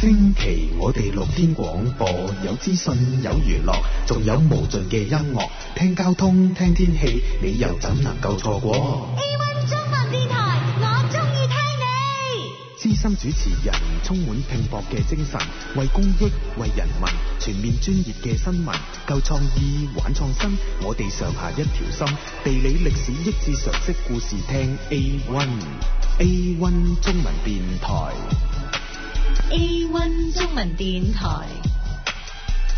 星期我哋六天廣播，有資訊有娛樂，仲有無盡嘅音樂，聽交通聽天氣，你又怎能夠錯過？A1 中文電台，我中意聽你。資深主持人充滿拼搏嘅精神，為公益為人民，全面專業嘅新聞，夠創意玩創新，我哋上下一條心，地理歷史益智常識故事聽 A1 A1 中文電台。A one 中文電台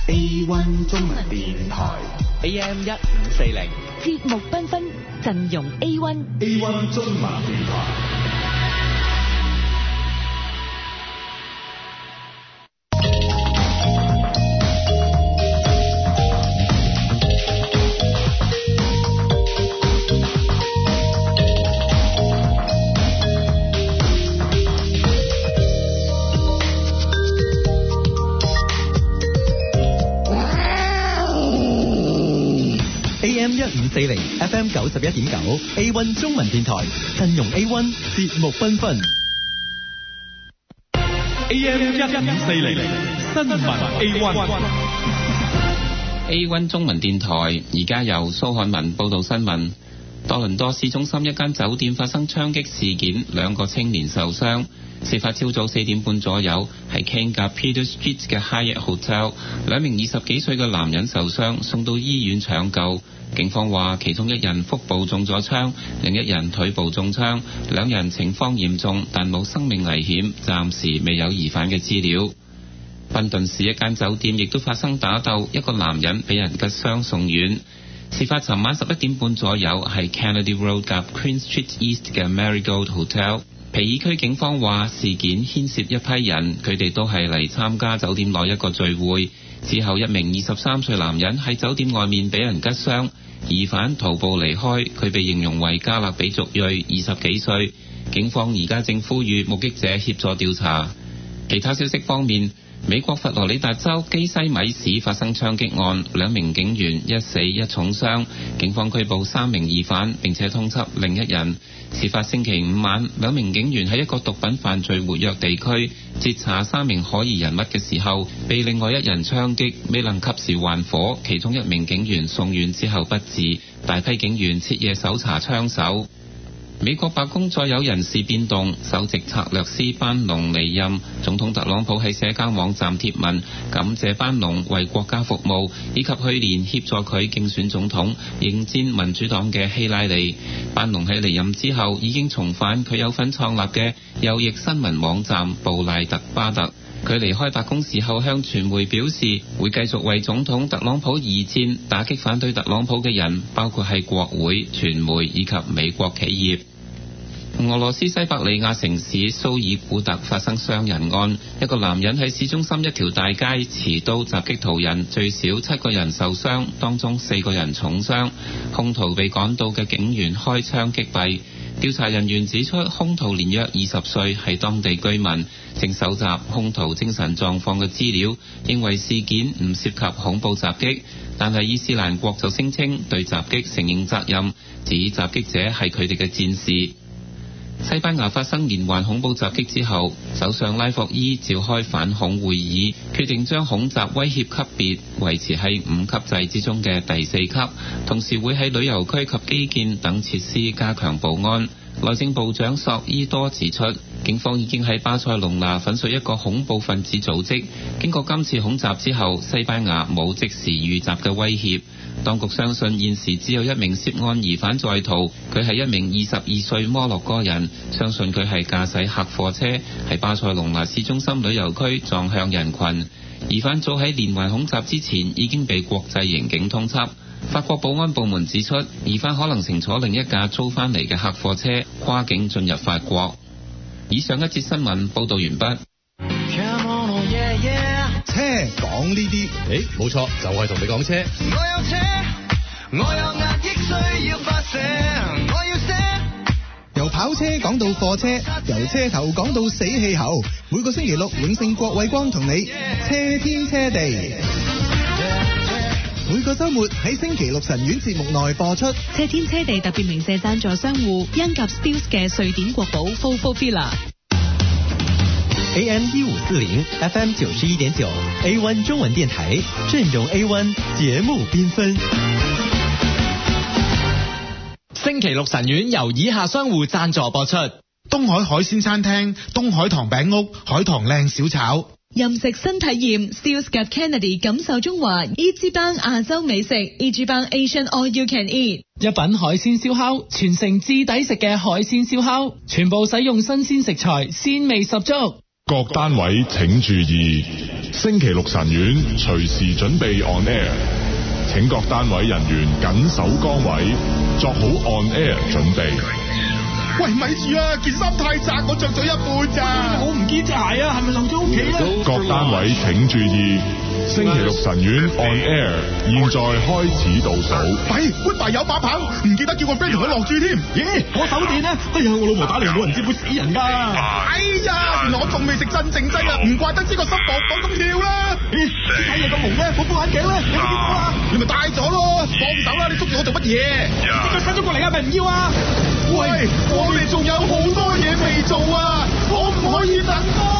，A one 中文電台，AM 一五四零，節目繽紛，陣容 A one，A one 中文電台紛紛。FM 九十一點九 A one 中文電台，金融 A one 節目繽紛。AM 一五四零新聞 A one，A one 中文電台而家由蘇漢文報道新聞。多倫多市中心一間酒店發生槍擊事件，兩個青年受傷。事發朝早四點半左右，喺 k i n a g Peter Street 嘅 h i h Hotel，兩名二十幾歲嘅男人受傷，送到醫院搶救。警方話，其中一人腹部中咗槍，另一人腿部中槍，兩人情況嚴重，但冇生命危險，暫時未有疑犯嘅資料。賓頓市一間酒店亦都發生打鬥，一個男人俾人吉傷送院。事發尋晚十一點半左右，喺 Kennedy Road 及 Queen Street East 嘅 Marigold Hotel。皮爾區警方話，事件牽涉一批人，佢哋都係嚟參加酒店內一個聚會。之後一名二十三歲男人喺酒店外面畀人拮傷，疑犯徒步離開，佢被形容為加勒比族裔，二十幾歲。警方而家正呼籲目擊者協助調查。其他消息方面，美國佛羅里達州基西米市發生槍擊案，兩名警員一死一重傷，警方拘捕三名疑犯並且通緝另一人。事發星期五晚，兩名警員喺一個毒品犯罪活躍地區截查三名可疑人物嘅時候，被另外一人槍擊，未能及時還火，其中一名警員送院之後不治，大批警員徹夜搜查槍手。美國白宮再有人事變動，首席策略師班農離任。總統特朗普喺社交網站貼文感謝班農為國家服務，以及去年協助佢競選總統迎戰民主黨嘅希拉里。班農喺離任之後已經重返佢有份創立嘅右翼新聞網站布賴特巴特。佢離開白宮時候向傳媒表示會繼續為總統特朗普而戰，打擊反對特朗普嘅人，包括係國會、傳媒以及美國企業。俄羅斯西伯利亞城市蘇爾古特發生傷人案，一個男人喺市中心一條大街持刀襲擊途人，最少七個人受傷，當中四個人重傷。凶徒被趕到嘅警員開槍擊斃。調查人員指出，凶徒年約二十歲，係當地居民。正搜集凶徒精神狀況嘅資料，認為事件唔涉及恐怖襲擊，但係伊斯蘭國就聲稱對襲擊承認責任，指襲擊者係佢哋嘅戰士。西班牙發生連環恐怖襲擊之後，首相拉霍伊召開反恐會議，決定將恐襲威脅級別維持喺五級制之中嘅第四級，同時會喺旅遊區及基建等設施加強保安。內政部長索伊多指出，警方已經喺巴塞隆拿粉碎一個恐怖分子組織。經過今次恐襲之後，西班牙冇即時遇襲嘅威脅。當局相信現時只有一名涉案疑犯在逃，佢係一名二十二歲摩洛哥人。相信佢係駕駛客貨車，喺巴塞隆拿市中心旅遊區撞向人群。疑犯早喺連環恐襲之前已經被國際刑警通緝。法國保安部門指出，疑犯可能乘坐另一架租翻嚟嘅客貨車，跨境進入法國。以上一節新聞報道完畢。On, yeah, yeah 車講呢啲，誒，冇錯，就係、是、同你講車。我有車，我有壓抑需要發洩，我要車。由跑車講到貨車，由車頭講到死氣喉，每個星期六，永勝郭偉光同你車天車地。每個周末喺星期六神院節目內播出。車天車地特別鳴謝讚助商戶因及 Stills 嘅瑞典國寶 Fofofila l。AM 一五四零，FM 九十一點九，A one 中文電台陣容，A one 節目繽紛。星期六神院由以下商戶讚助播出：東海海鮮餐廳、東海糖餅屋、海棠靚小炒。任食新體驗，Steak Kennedy 感受中華 e g 班亞洲美食 e g 班 Asian All You Can Eat。一品海鮮燒烤，全城至抵食嘅海鮮燒烤，全部使用新鮮食材，鮮味十足。各單位請注意，星期六晨遠隨時準備 on air，請各單位人員緊守崗位，作好 on air 準備。喂，咪住啊！件衫太窄，我着咗一半咋。我唔見鞋啊，係咪留咗屋企咧？各單位請注意。星期六神院 on air，現在開始倒數。弊，goodbye 有把棒，唔記得叫我 friend 同佢落注添。咦，我手電呢？哎呀，我老婆打嚟冇人接會死人㗎。哎呀，原來我仲未食鎮靜劑啊，唔怪得呢個心搏咁跳啦。咦，你睇嘢咁矇呢？冇副眼鏡呢？你有見到啊？你咪戴咗咯，放手啦！你捉住我做乜嘢？你咪伸咗過嚟啊？係咪唔要啊？喂，我哋仲有好多嘢未做啊，可唔可以等多？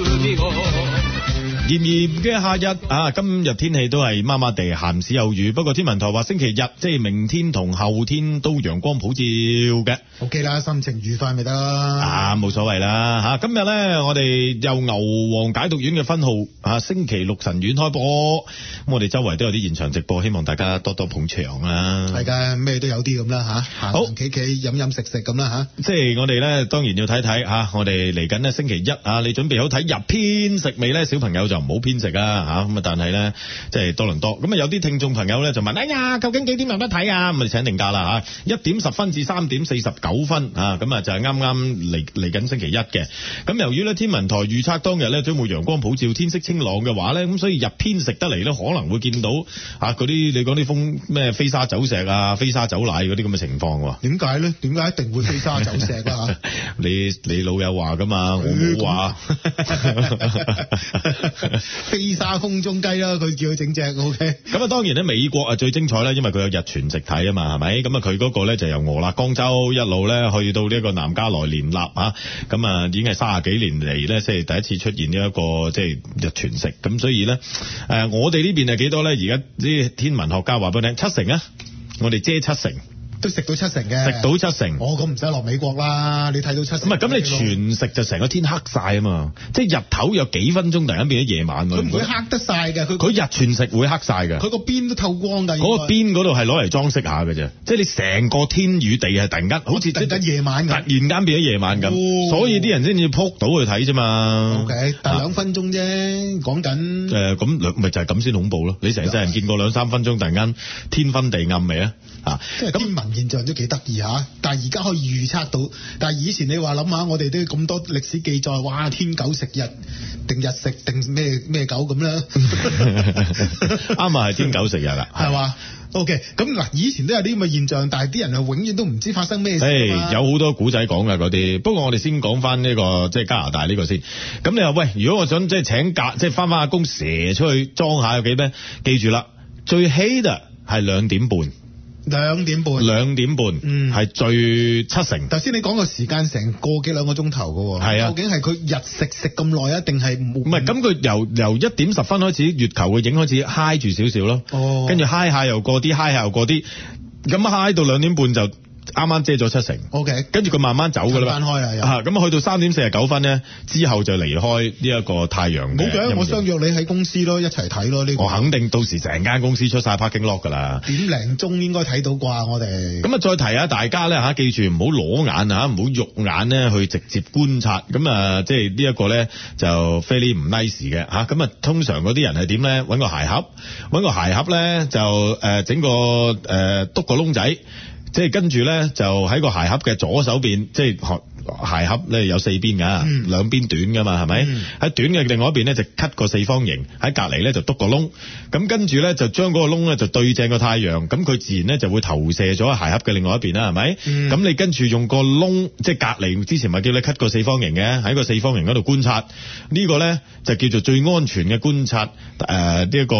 炎炎嘅夏日啊，今日天氣都係麻麻地，閒時有雨。不過天文台話星期日即係明天同後天都陽光普照嘅。OK 啦，心情愉快咪得啦。啊，冇所謂啦吓。今日咧，我哋有牛黃解毒丸嘅分號啊，星期六晨遠開播。咁我哋周圍都有啲現場直播，希望大家多多捧場啊。係嘅，咩都有啲咁啦吓，行行企企，飲飲食食咁啦吓。即係我哋咧，當然要睇睇吓，我哋嚟緊咧星期一啊，你準備好睇入片食未咧，小朋友就。唔好偏食啦，吓咁啊！但係咧，即係多倫多咁啊，有啲聽眾朋友咧就問：哎呀，究竟幾點有得睇啊？咁啊，請定假啦吓，一點十分至三點四十九分啊！咁啊，就係啱啱嚟嚟緊星期一嘅。咁由於咧天文台預測當日咧將會陽光普照、天色清朗嘅話咧，咁所以日偏食得嚟咧，可能會見到啊嗰啲你講啲風咩飛沙走石啊、飛沙走奶嗰啲咁嘅情況。點解咧？點解一定會飛沙走石啊？ 你你老友話噶嘛，我冇話。好飛沙空中雞啦，佢叫佢整隻，O K。咁啊，當然咧，美國啊最精彩啦，因為佢有日全食睇啊嘛，係咪？咁啊，佢嗰個咧就由俄勒岡州一路咧去到呢個南加來連納吓。咁啊，已經係三十幾年嚟，咧，即係第一次出現呢一個即係日全食。咁所以咧，誒，我哋呢邊係幾多咧？而家啲天文學家話俾你聽，七成啊，我哋遮七成。都食到七成嘅，食到七成。哦，咁唔使落美國啦。你睇到七成唔係咁？你全食就成個天黑曬啊嘛！即係日頭有幾分鐘突然間變咗夜晚嗰啲。佢唔會黑得曬嘅，佢佢日全食會黑曬嘅。佢個邊都透光㗎。嗰個邊嗰度係攞嚟裝飾下㗎啫，即係你成個天與地係突然間好似突然間夜晚咁。突然間變咗夜晚咁，所以啲人先至撲到去睇啫嘛。O K，兩分鐘啫，講緊誒咁兩，咪就係咁先恐怖咯。你成世人見過兩三分鐘突然間天昏地暗未啊？啊，即係天文現象都幾得意吓，但係而家可以預測到，但係以前你話諗下，我哋都咁多歷史記載，哇天狗食日定日食定咩咩狗咁啦，啱啊係天狗食日啦，係 嘛，OK，咁嗱以前都有啲咁嘅現象，但係啲人啊永遠都唔知發生咩事，hey, 有好多古仔講嘅嗰啲，不過我哋先講翻呢個即係、就是、加拿大呢個先，咁你話喂，如果我想即係請假即係翻翻阿公蛇出去裝下又幾咩，記住啦，最稀的係兩點半。兩點半，兩點半，嗯，係最七成。頭先你講個時間成個幾兩個鐘頭噶，係啊，究竟係佢日食食咁耐啊，定係唔？唔係，咁佢由由一點十分開始，月球嘅影開始嗨住少少咯，哦，跟住嗨下又過啲，嗨下又過啲，咁嗨到兩點半就。啱啱遮咗七成，OK，跟住佢慢慢走噶啦啊，咁啊去到三點四十九分咧，之後就離開呢一個太陽嘅，冇嘅，我相約你喺公司咯，一齊睇咯，呢、這個我肯定到時成間公司出曬 parking lock 噶啦，點零鐘應該睇到啩我哋，咁啊再提下大家咧吓，記住唔好裸眼啊唔好肉眼咧去直接觀察，咁、呃 nice、啊即係呢一個咧就 very 唔 nice 嘅，咁啊通常嗰啲人係點咧？搵個鞋盒，搵個鞋盒咧就、呃、整個誒、篤、個窿仔。即係跟住咧，就喺個鞋盒嘅左手邊，即係學鞋盒咧有四邊噶，兩、嗯、邊短噶嘛，係咪？喺、嗯、短嘅另外一邊咧就 cut 個,個,、嗯個,就是、個四方形，喺隔籬咧就篤個窿，咁跟住咧就將嗰個窿咧就對正個太陽，咁佢自然咧就會投射咗喺鞋盒嘅另外一邊啦，係咪？咁你跟住用個窿，即係隔籬之前咪叫你 cut 個四方形嘅，喺個四方形嗰度觀察，呢、這個咧就叫做最安全嘅觀察誒、呃這個、呢一個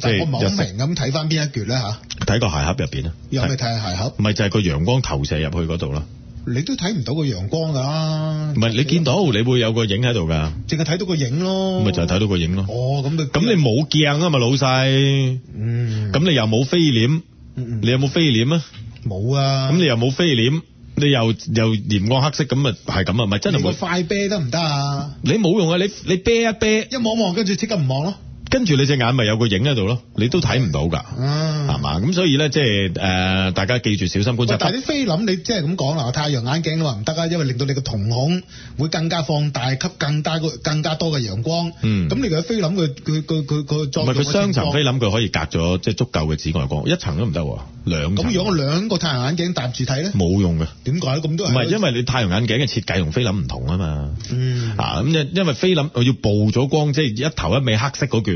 即係。我明明咁睇翻邊一橛咧吓？睇個鞋盒入邊啊？又咪睇下鞋盒？唔係就係個陽光投射入去嗰度啦。你都睇唔到個陽光㗎？唔係你見到，你會有個影喺度㗎。淨係睇到個影咯。咁咪就係睇到個影咯。哦，咁你咁你冇鏡啊嘛，老細。嗯。咁你又冇飛簾。嗯嗯。你有冇飛簾啊？冇啊。咁你又冇飛簾，你又又簾光黑色，咁咪係咁啊？唔係真係。用個快啤得唔得啊？你冇用啊！你你啤一啤，一望望，跟住即刻唔望咯。跟住你隻眼咪有個影喺度咯，你都睇唔到㗎，係、嗯、嘛？咁所以咧，即係誒，大家記住小心觀察。但係啲菲林你即係咁講啦，太陽眼鏡嘅話唔得啊，因為令到你嘅瞳孔會更加放大，吸更加更加多嘅陽光。咁、嗯、你嘅菲林，佢佢佢佢佢裝嘅雙層菲林佢可以隔咗即係足夠嘅紫外光，一層都唔得喎。咁如果兩個太陽眼鏡搭住睇咧，冇用嘅。點解咁多人？唔係因為你太陽眼鏡嘅設計同菲林唔同啊嘛。嗯、啊咁，因為菲林，我要曝咗光，即係一頭一尾黑色嗰卷。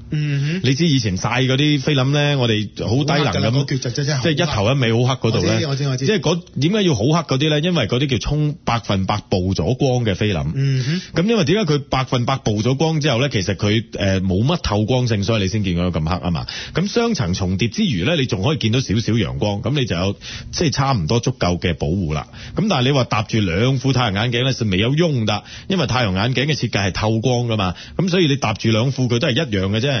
嗯哼，你知以前晒嗰啲菲林咧，我哋好低能咁，即係、那個、一頭一尾好黑嗰度咧。我知我知，即係點解要好黑嗰啲咧？因為嗰啲叫沖百分百曝咗光嘅菲林。嗯哼，咁因為點解佢百分百曝咗光之後咧，其實佢誒冇乜透光性，所以你先見到咁黑啊嘛。咁雙層重疊之餘咧，你仲可以見到少少陽光，咁你就有即係差唔多足夠嘅保護啦。咁但係你話搭住兩副太陽眼鏡咧，是未有用㗎，因為太陽眼鏡嘅設計係透光㗎嘛。咁所以你搭住兩副佢都係一樣嘅啫。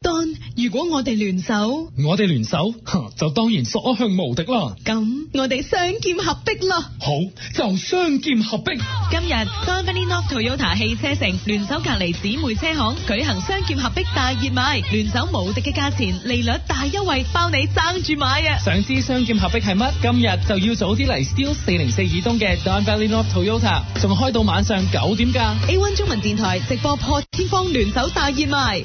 但如果我哋聯手，我哋聯手就當然所向無敵啦。咁我哋雙劍合璧啦。好，就雙劍合璧。今日、oh, Don Valley North Toyota 汽車城聯手隔籬姊妹車行舉行雙劍合璧大熱賣，聯手無敵嘅價錢，利率大優惠，包你爭住買啊！想知雙劍合璧係乜？今日就要早啲嚟 Steeles 404以東嘅 Don Valley North Toyota，仲開到晚上九點噶。A1 中文電台直播破天荒聯手大熱賣。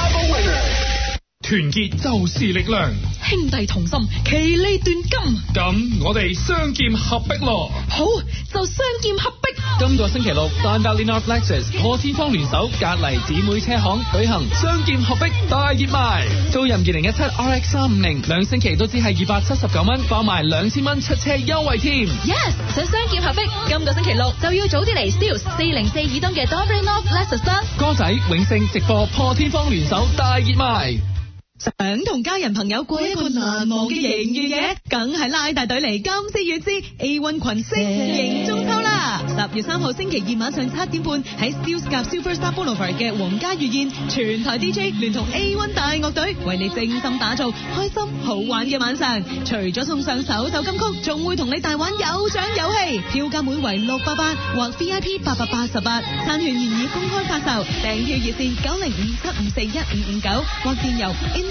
團結就是力量，兄弟同心，其利斷金。咁我哋雙劍合璧咯。好，就雙劍合璧。今個星期六 Don Valley North Lexus 破天荒聯手隔籬姊妹車行舉行雙劍合璧大熱賣。租賃二零一七 RX 三五零，兩星期都只係二百七十九蚊，包埋兩千蚊出車優惠添。Yes，想雙劍合璧，今個星期六就要早啲嚟。Steeles 四零四以東嘅 Don Valley North Lexus。哥 仔永勝直播破天荒聯手大熱賣。想同家人朋友過一個難忘嘅迎月夜，梗係拉大隊嚟金絲月之 A1 群星迎中秋啦！十月三號星期二晚上七點半喺 Studios Superstar Boulevard 嘅皇家御宴，全台 DJ 聯同 A1 大樂隊為你精心打造開心好玩嘅晚上。除咗送上首首金曲，仲會同你大玩有獎遊戲。票價每為六八八或 VIP 八百八十八，餐券現已公開發售，訂票熱線九零五七五四一五五九或電郵。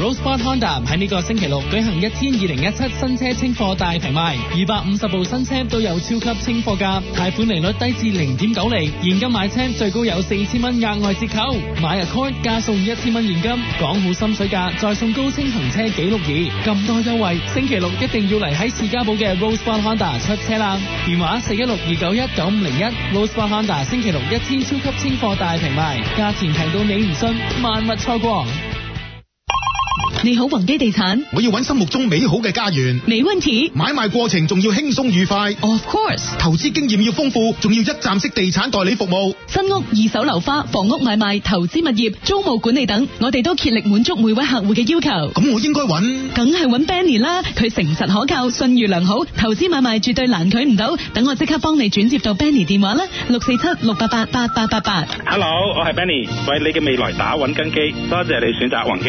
Roadsport Honda 喺呢個星期六舉行一天二零一七新車清貨大平賣，二百五十部新車都有超級清貨價，貸款利率低至零點九釐，現金買車最高有四千蚊額外折扣，買 Accord 加送一千蚊現金，講好心水價再送高清行車記錄儀，咁多優惠，星期六一定要嚟喺士嘉堡嘅 Roadsport Honda 出車啦！電話四一六二九一九五零一，Roadsport Honda 星期六一天超級清貨大平賣，價錢平到你唔信，萬勿錯過！你好，宏基地產。我要揾心目中美好嘅家園。沒問題。買賣過程仲要輕鬆愉快。Of course。投資經驗要豐富，仲要一站式地產代理服務。新屋、二手樓花、房屋買賣、投資物業、租務管理等，我哋都竭力滿足每位客戶嘅要求。咁我應該揾？梗係揾 Benny 啦，佢誠實可靠，信譽良好，投資買賣絕對難拒唔到。等我即刻幫你轉接到 Benny 電話啦，六四七六八八八八八八。Hello，我係 Benny，為你嘅未來打穩根基。多謝你選擇宏基。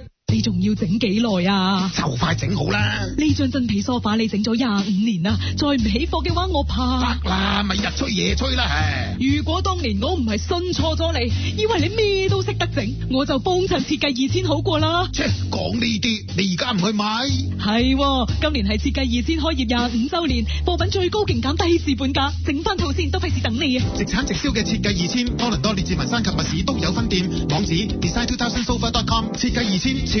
你仲要整幾耐啊？就快整好啦！呢張真皮梳化你整咗廿五年啦，再唔起貨嘅話我怕！得啦，咪日吹夜吹啦！如果當年我唔係信錯咗你，以為你咩都識得整，我就幫襯設計二千好過啦。切講呢啲，你而家唔去買？係喎！今年係設計二千開業廿五周年，貨品最高勁減低至半價，整翻套先都費事等你啊！直產直銷嘅設計二千，多倫多、列治文山及密市都有分店，網址 designtwothousandsofa.com 設計二千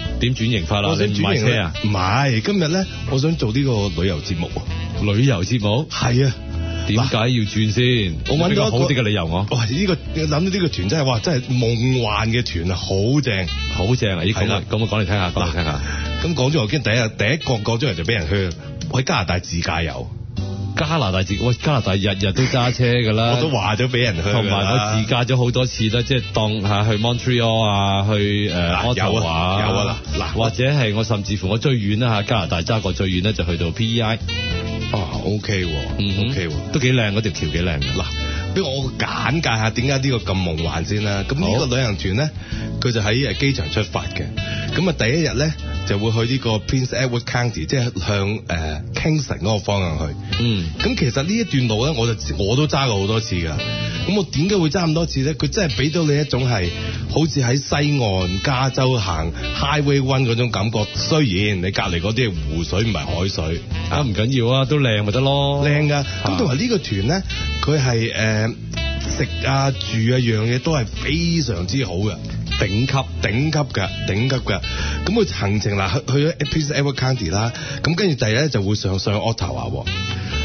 點轉型法啦？你轉型咩？唔係，今日咧，我想做呢個旅遊節目。旅遊節目係啊？轉，點解要轉先？我揾個好啲嘅理由。我哇，呢、這個諗到呢個團真係哇，真係夢幻嘅團啊，好正，好正啊！咦，咁啊，咁我講嚟聽下，講嚟聽下。咁講咗我驚第一第一個講咗人就俾人去。我喺加拿大自駕遊。加拿大自，喂，加拿大日日都揸車噶啦， 我都話咗俾人去，同埋我自駕咗好多次啦，即係當嚇去 Montreal 啊，去、uh, 誒，有啊，有啊啦，嗱，或者係我甚至乎我最遠啦嚇，加拿大揸過最遠咧就去到 PEI，啊 OK 喎，okay, okay, 嗯，OK 喎，都幾靚，嗰條橋幾靚㗎。嗱，俾我我簡介下點解呢個咁夢幻先啦，咁呢個旅行團咧，佢就喺誒機場出發嘅，咁啊第一日咧。就會去呢個 Prince Edward County，即係向誒、呃、Kingston 嗰個方向去。嗯，咁其實呢一段路咧，我就我都揸過好多次㗎。咁我點解會揸咁多次咧？佢真係俾到你一種係好似喺西岸加州行 Highway One 嗰種感覺。雖然你隔離嗰啲係湖水，唔係海水，啊唔緊要漂亮漂亮的啊，都靚咪得咯，靚㗎。咁同埋呢個團咧，佢係誒食啊住啊樣嘢都係非常之好嘅，頂級頂級㗎，頂級㗎。咁佢行程啦，去去咗 Prince Edward County 啦，咁跟住第二咧就會上上 Ottawa，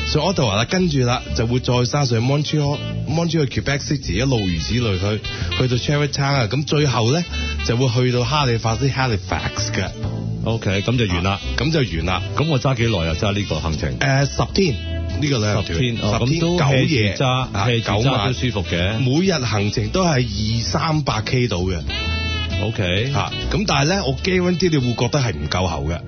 上 Ottawa 啦，跟住啦就會再上上 Montreal，Montreal Quebec City，一路如此類去，去到 Charlottetown 啊，咁最後咧就會去到哈利法斯 Halifax 嘅。O K，咁就完啦，咁、啊、就完啦，咁我揸幾耐啊？揸呢個行程？誒、uh, 十天，呢、呢個兩十天，十天九、哦、夜揸，住住啊、晚？都舒服嘅。每日行程都係二三百 K 到嘅。O K，嚇，咁但係咧，我 guarantee 你會覺得係唔夠喉嘅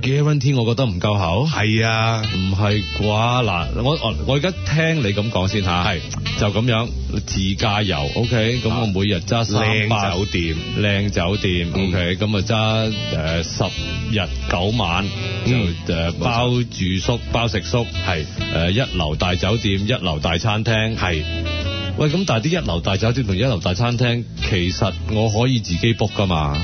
guarantee，我覺得唔夠喉，係啊，唔係啩？嗱，我我我而家聽你咁講先嚇，係就咁樣自駕遊，O K，咁我每日揸三酒店，靚酒店，O K，咁啊揸誒十日九晚，就誒包住宿、包食宿，係誒一流大酒店、一流大餐廳，係。喂，咁但係啲一流大酒店同一流大餐廳，其實我可以自己 book 噶嘛？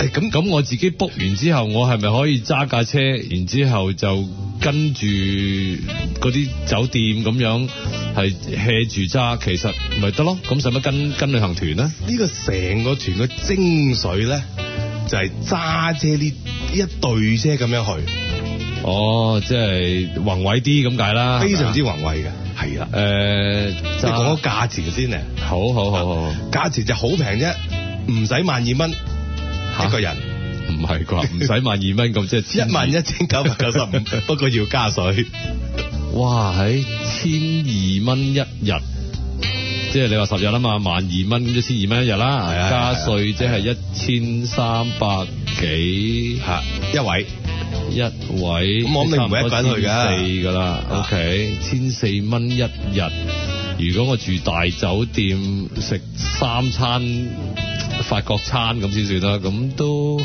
誒、欸，咁咁我自己 book 完之後，我係咪可以揸架車，然之後就跟住嗰啲酒店咁樣係 hea 住揸？其實咪得咯？咁使乜跟跟旅行團咧？呢、這個成個團嘅精髓咧，就係、是、揸車呢一隊車咁樣去。哦，即係宏偉啲咁解啦，非常之宏偉嘅，係啦，誒、呃，你講個價錢先咧，好好好好，價、啊、錢就好平啫，唔使萬二蚊一個人，唔係啩，唔使萬二蚊咁即係，一萬一千九百九十五，不過要加稅， 哇，喺千二蚊一日，即係你話十日啊嘛，萬二蚊一千二蚊一日啦，加稅即係一千三百幾，吓 一位。一位，咁我咪搵緊佢嘅，OK，千四蚊一日。如果我住大酒店食三餐法國餐咁先算啦，咁都誒、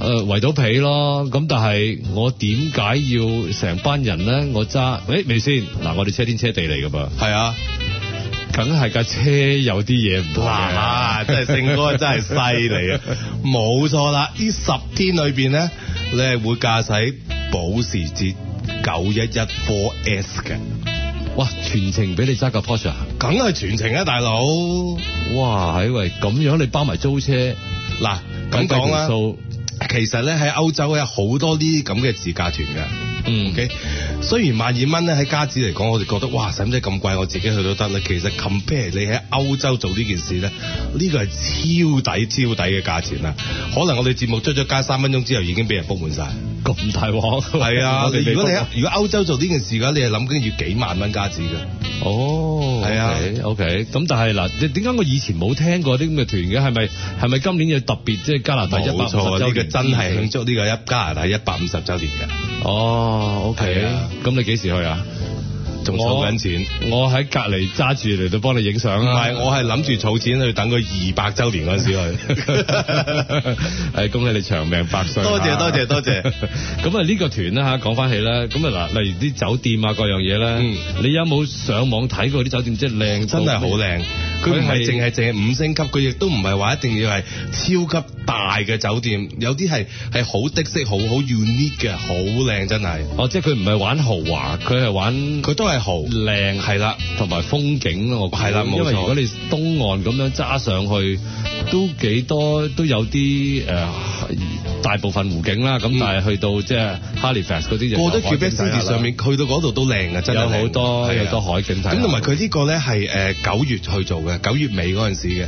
呃、圍到皮咯。咁但係我點解要成班人咧？我揸誒未先？嗱、欸，我哋車天車地嚟㗎噃，係啊。梗係架車有啲嘢唔同啦，真係勝哥真係犀利啊！冇錯啦，呢十天裏邊咧，你係會駕駛保時捷911 4S 嘅。哇，全程俾你揸架 Porsche！梗係全程啊，大佬。哇，係喂，咁樣你包埋租車，嗱，咁講條數，其實咧喺歐洲咧好多呢啲咁嘅自駕團嘅，嗯 OK。雖然萬二蚊咧喺加紙嚟講，我哋覺得哇使唔使咁貴，我自己去都得啦。其實 compare 你喺歐洲做呢件事咧，呢、呢個係超抵超抵嘅價錢啦。可能我哋節目出咗加三分鐘之後，已經俾人 book 滿晒。咁大鑊係啊！ okay，如果你如果歐洲做呢件事嘅話，你係諗緊要幾萬蚊加紙嘅。哦，係啊，OK, okay。咁但係嗱，點解我以前冇聽過啲咁嘅團嘅？係咪係咪今年有特別即係、就是、加拿大一百五十周年？冇錯，真係慶祝呢、這個一加拿大一百五十周年嘅。哦，OK。咁你幾時去啊？仲儲緊錢，我喺隔籬揸住嚟到幫你影相。唔係，我係諗住儲錢去等佢二百周年嗰時去。誒 恭喜你長命百歲！多謝多謝多謝。咁啊，呢 個團咧吓，講翻起啦。咁啊嗱，例如啲酒店啊，各樣嘢咧，嗯，你有冇上網睇過啲酒店？真係靚，真係好靚。佢唔係淨係淨係五星級，佢亦都唔係話一定要係超級大嘅酒店，有啲係係好的式，好好 unique 嘅，好靚真係。哦，即係佢唔係玩豪華，佢係玩，佢都係豪靚，係啦，同埋風景咯，我覺係啦，冇錯，因為如果你東岸咁樣揸上去，都幾多，都有啲誒。大部分湖景啦，咁但係去到即係 Halifax 嗰啲，嘢、嗯，過得 Quebec City 上面，去到嗰度都靚啊，真係有好多好多海景睇。咁同埋佢呢個咧係誒九月去做嘅，九月尾嗰陣時嘅，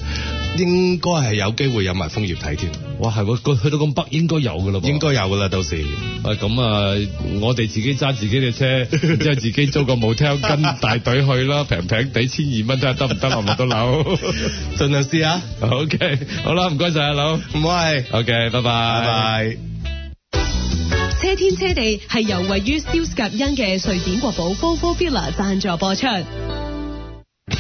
應該係有機會有埋楓葉睇添。哇，係喎，去到咁北應該有噶啦，應該有噶啦，到時，咁啊，啊，我哋自己揸自己嘅車，即 係自己租個舞廳跟大隊去咯，平平地千二蚊都係得唔得啊？阿老？盡量試下。OK，好啦，唔該晒阿老，唔該，OK，拜拜，拜拜。車天車地係由位於休斯夾恩嘅瑞典國寶 Fofola 贊助播出。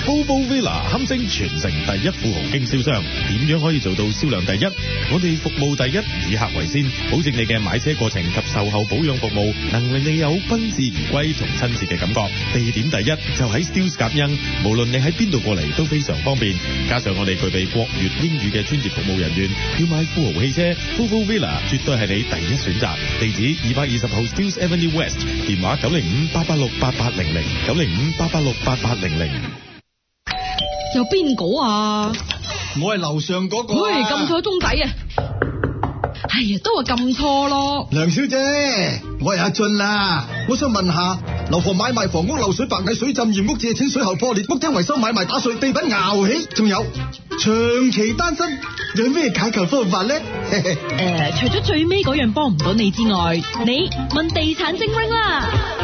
Volvo Villa 堪稱全城第一富豪經銷商，點樣可以做到銷量第一？我哋服務第一，以客為先，保證你嘅買車過程及售後保養服務，能令你有賓至如歸同親切嘅感覺。地點第一就喺 Steeles 夾 Yonge，無論你喺邊度過嚟都非常方便。加上我哋具備國粵英語嘅專業服務人員，要買富豪汽車 Volvo Villa 絕對係你第一選擇。地址二百二十號 Steeles Avenue West，電話九零五八八六八八零零，九零五八八六八八零零。有邊個啊？我係樓上嗰個。喂，撳錯鐘仔啊！哎呀，都話撳錯咯。梁小姐，我係阿俊啦，我想問下，樓房買賣、房屋漏水、白蟻水浸、驗屋、借錢、水喉破裂、屋廳維修、買賣打碎、地板拗起，仲有長期單身，有咩解決方法咧？誒，除咗最尾嗰樣幫唔到你之外，你問地產精英啦！